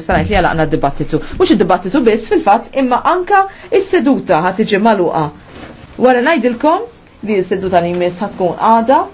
istanajt li għalaqna d-dibattitu. Mux id-dibattitu biss fil-fat imma anka is-seduta ħat iġi maluqa. Wara najdilkom li s-seduta li jmiss ħatkun għada,